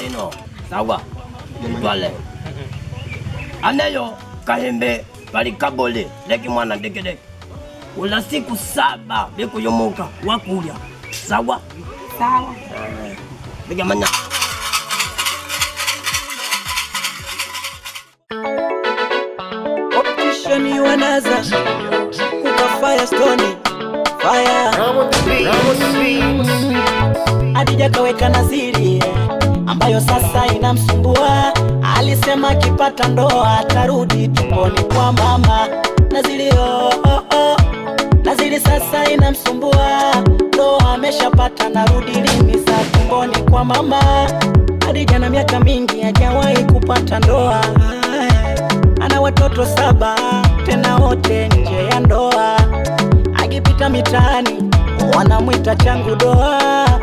ino sawa twale aneyo kahembe kali kabole leki mwana ndekele ula siku saba bikuyomoka wakulya sawa sawa bigamanya mmoja kaweka naziri ambayo sasa inamsumbua. Alisema akipata ndoa atarudi tumboni kwa mama Naziri. Oh, oh, oh. Naziri sasa inamsumbua, ndoa ameshapata, narudi lini za tumboni kwa mama. Hadi jana miaka mingi hajawahi kupata ndoa, ana watoto saba tena wote nje ya ndoa, akipita mitaani wanamwita changu doa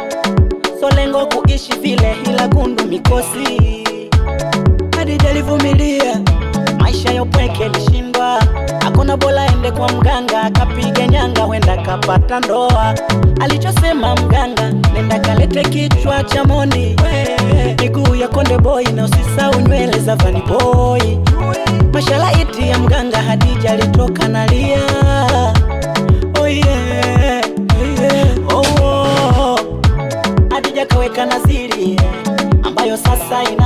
Iko lengo kuishi vile, ila gundu mikosi. Khadija alivumilia maisha ya upweke, alishindwa hakuna bora, ende kwa mganga akapiga nyanga, wenda kapata ndoa. Alichosema mganga, nenda kalete kichwa cha moni, miguu ya konde boy, na usisau nywele za vani boy. Mashalaiti ya mganga, hadija alitoka lia.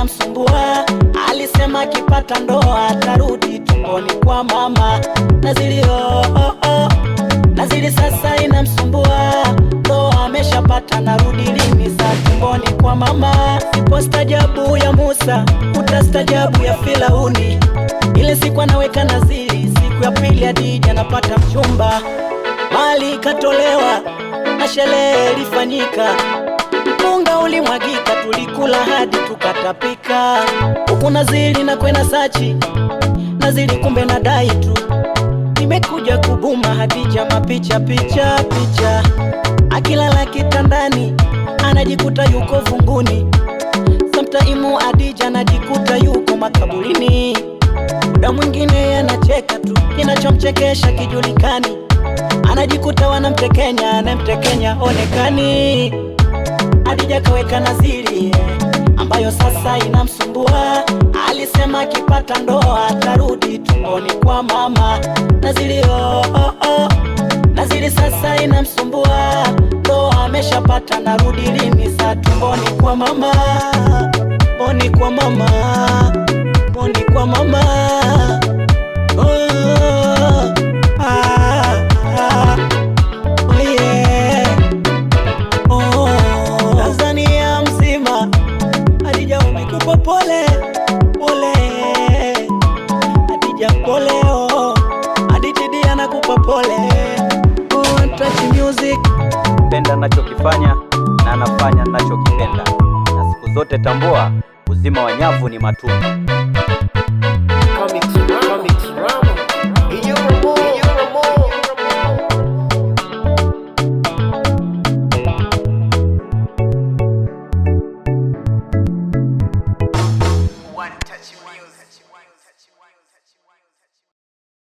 yanamsumbua. Alisema akipata ndoa atarudi tumboni kwa mama. Nazili oh, oh, oh. Nazili sasa inamsumbua, ndoa ameshapata, narudi lini za tumboni kwa mama? stajabu ya Musa, utastajabu ya Firauni. Ile siku anaweka nazili, siku ya pili Adija anapata mchumba, mali ikatolewa na sherehe ilifanyika. Unga ulimwagika, tulikula hadi tukatapika. Huku nazili na kwena sachi nazili, kumbe na dai tu. Nimekuja kubuma Hadija, mapicha picha picha. Akilala kitandani anajikuta yuko vunguni, samtaimu Hadija anajikuta yuko makaburini. Muda mwingine anacheka tu, kinachomchekesha kijulikani, anajikuta wanamtekenya, anamtekenya onekani Khadija kaweka naziri ambayo sasa inamsumbua. Alisema akipata ndoa atarudi tumboni kwa mama Naziri. Oh, oh, oh. Naziri sasa inamsumbua, ndoa ameshapata, narudi lini? Saa tumboni kwa mama, tumboni kwa mama pole pole, Adija poleo Aditidi anakupa pole. Music penda nachokifanya na anafanya nachokipenda, na siku zote tambua uzima wa nyavu ni matunda.